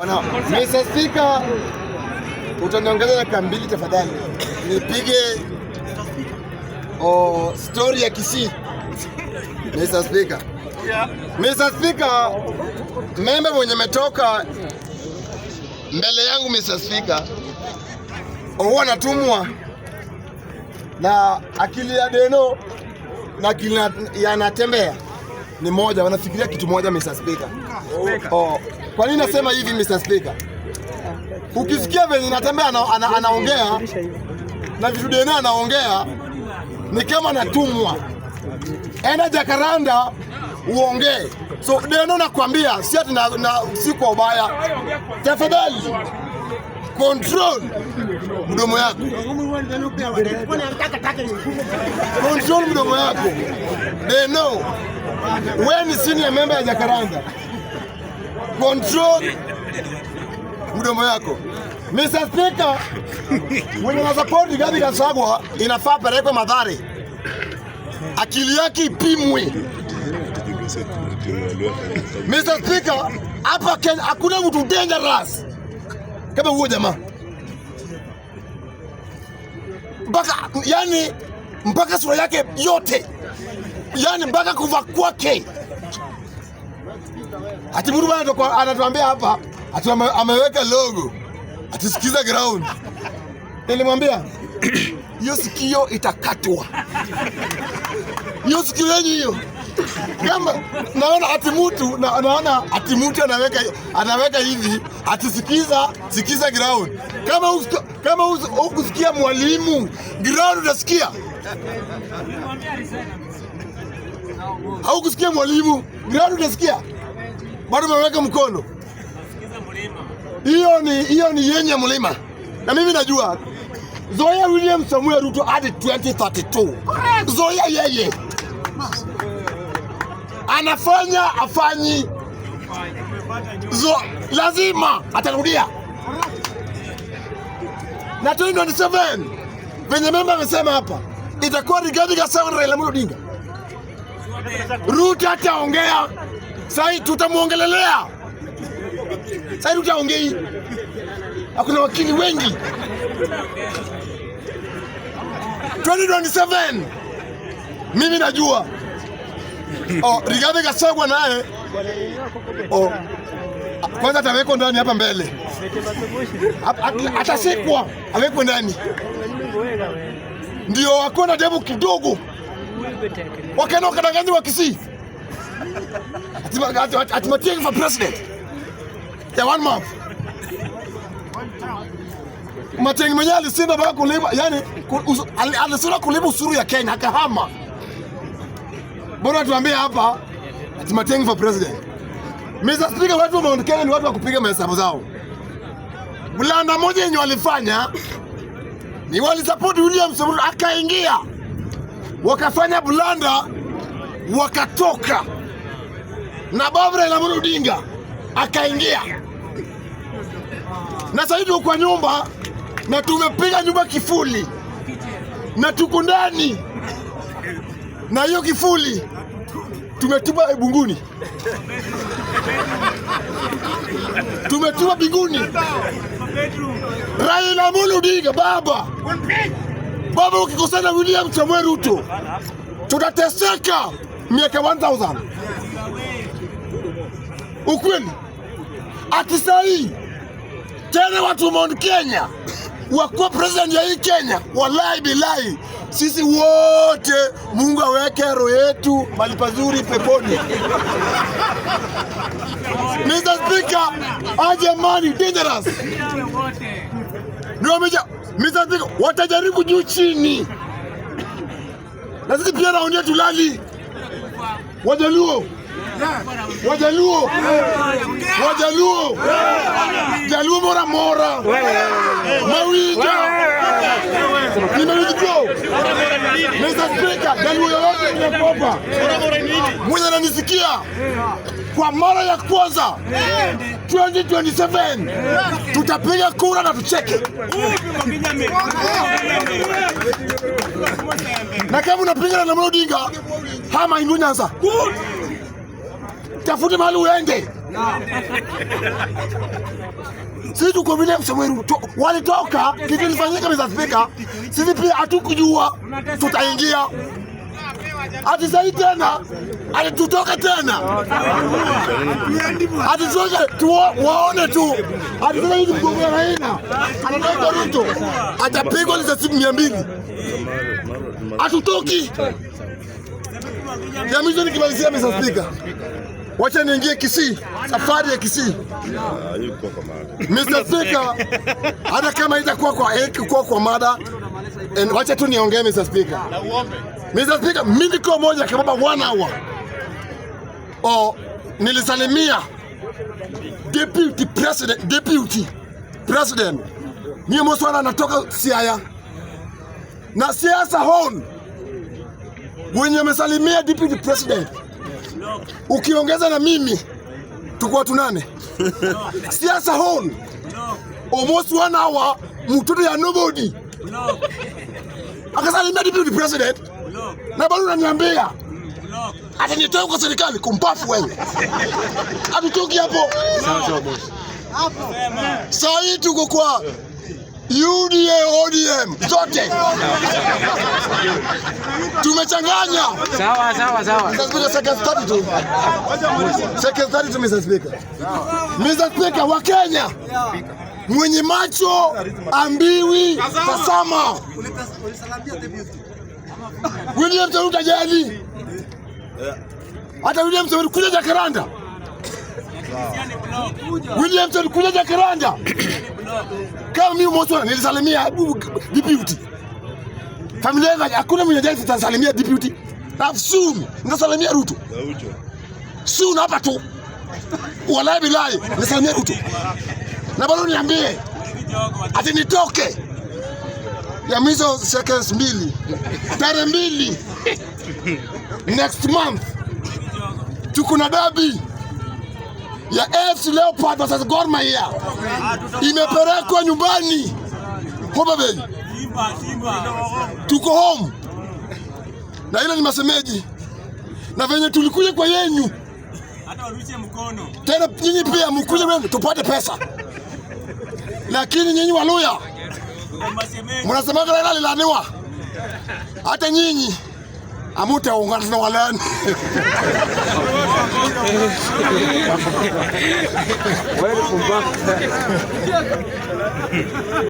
Mr. Speaker, utaniongeza dakika mbili tafadhali, nipige oh, story ya Kisii. Mr. Speaker. Mr. Speaker, membe mwenye metoka mbele yangu Mr. Speaker, huwa anatumwa na akili ya deno na akili yanatembea ni moja, wanafikiria kitu moja Mr. Speaker. oh. Kwa nini nasema hivi Mr. Speaker? Ukisikia venye natembea ana, anaongea na vitu DNA anaongea ni kama natumwa. Enda Jakaranda uongee. So DNA nakwambia si ati na, na si kwa ubaya. Tafadhali control mdomo yako, control mdomo yako. Deno, wewe ni senior member ya Jakaranda control mdomo yako Mr. Speaker. Mwenye na support Gabi Gachagua inafaa pelekwe madhare, akili yake ipimwe. Mr. Speaker, hapa Kenya hakuna mtu dangerous kama huyo jamaa mpaka yani, mpaka sura yake yote yani, mpaka kuva kwake Ati mtu bwana anatuambia hapa ati ameweka logo atisikiza ground. Nilimwambia hiyo sikio itakatwa, hiyo sikio yenyu hiyo kama naona ati mtu na, naona ati mtu anaweka anaweka hivi ati sikiza ground. Kama usko, kama ukusikia mwalimu ground utasikia au kusikia mwalimu ground unasikia? bado ameweka mkono. Hiyo ni hiyo ni yenye mlima, na mimi najua zoya William Samuel Ruto hadi 2032 Zoya yeye anafanya afanyi Zo, lazima atarudia na 2027 venye memba amesema hapa itakuwa Rigathi Gachagua na Raila Odinga. Ruto ataongea sai tutamuongelelea sai tutaongei. Hakuna wakili wengi 2027 mimi najua oh, Rigathi Gachagua naye oh, kwanza atawekwa ndani hapa mbele, atasekwa awekwe ndani ndio akuwe na debu kidogo, wakena wakadanganywa Kisii at my thing for president. Yeah, one month. Mateng mwenyewe alisinda baka kulipa, yani alisinda kulipa usuru ya Kenya akahama. Bora tuambie hapa at Mateng for president. Mr. Speaker, watu wa Mount Kenya ni watu wa kupiga mahesabu zao. Blanda moja yenye walifanya ni walisupport William Samoei akaingia. Wakafanya blanda wakatoka na Bovre na udinga akaingia, na sasa hivi kwa nyumba na tumepiga nyumba kifuli na tuko ndani na hiyo kifuli tumetuba bunguni, tumetuba binguni. Raila udinga baba baba, ukikosana William Samoei Ruto tutateseka miaka 1000 ukweli ati sahii tena watu Mount Kenya wakuwa president ya hii Kenya. Wallahi bilahi, sisi wote Mungu aweke roho yetu mali pazuri peponi. Mr. Speaker, aje mani dangerous ndio mja Mr. Speaker, watajaribu juu chini, na sisi pia raundi tulali. wajaluo Wajaluo, Wajaluo, Jaluo mora mora, Mawija, nimeijuo Mr. Speaker, Jaluo yoyote mnakopa mwenye ananisikia kwa mara ya kwanza 2027 tutapiga kura na tucheke, na kama unapingana na Odinga hama ingunyanza tafute mahali uende. Sisi tuko vile Msomweru walitoka, kikilifanyika Mr. Speaker, sisi pia hatukujua tutaingia hati sai tena ati tutoke tena ati tu waone tu ati sasa hivi mgombea Raila anatoka Ruto atapigwa risasi mia mbili hatutoki jamizoni kimalizia Mr. Speaker Wacha niingie Kisii, safari ya Kisii. Mr. Speaker, hata kama itakuwa kwa heki kwa kwa mada and wacha tu niongee Mr. Speaker. Mr. Speaker, mimi niko moja kama one hour. Oh, nilisalimia deputy president, deputy president. Mimi mswala natoka Siaya. Na siasa hon wenye wamesalimia deputy president ukiongeza na mimi tukuwa tunane siasa hon almost one hour mtoto ya nobody akasema ni deputy president na bado unaniambia ati nitoe kwa serikali kumpafu wewe atutoki hapo sawa hii tuko kwa UDA ODM zote tumechanganya. Sawa sawa sawa. Mr. Speaker, Mr. Speaker, wa Kenya mwenye macho ambiwi tazama. William Saruta jali hata William Saruta kuja Jakaranda Williamson kuja kiranja kama mimi mmoja nilisalimia deputy. Familia yangu hakuna mwenye jaji tutasalimia deputy. Alafu soon nitasalimia Ruto. Soon hapa tu. Wallahi bilahi nisalimia Ruto. Na bado niambie ati nitoke ya mizo seconds mbili tarehe mbili next month tuko na dabi ya AFC Leopard versus Gor Mahia imepelekwa nyumbani Homa Bay, tuko home na ile ni masemeji na venye tulikuja kwa yenyu tena, nyinyi pia mkuje wenu tupate pesa, lakini nyinyi Waluya mnasemaga Raila alilaaniwa, hata nyinyi amutaungana na walani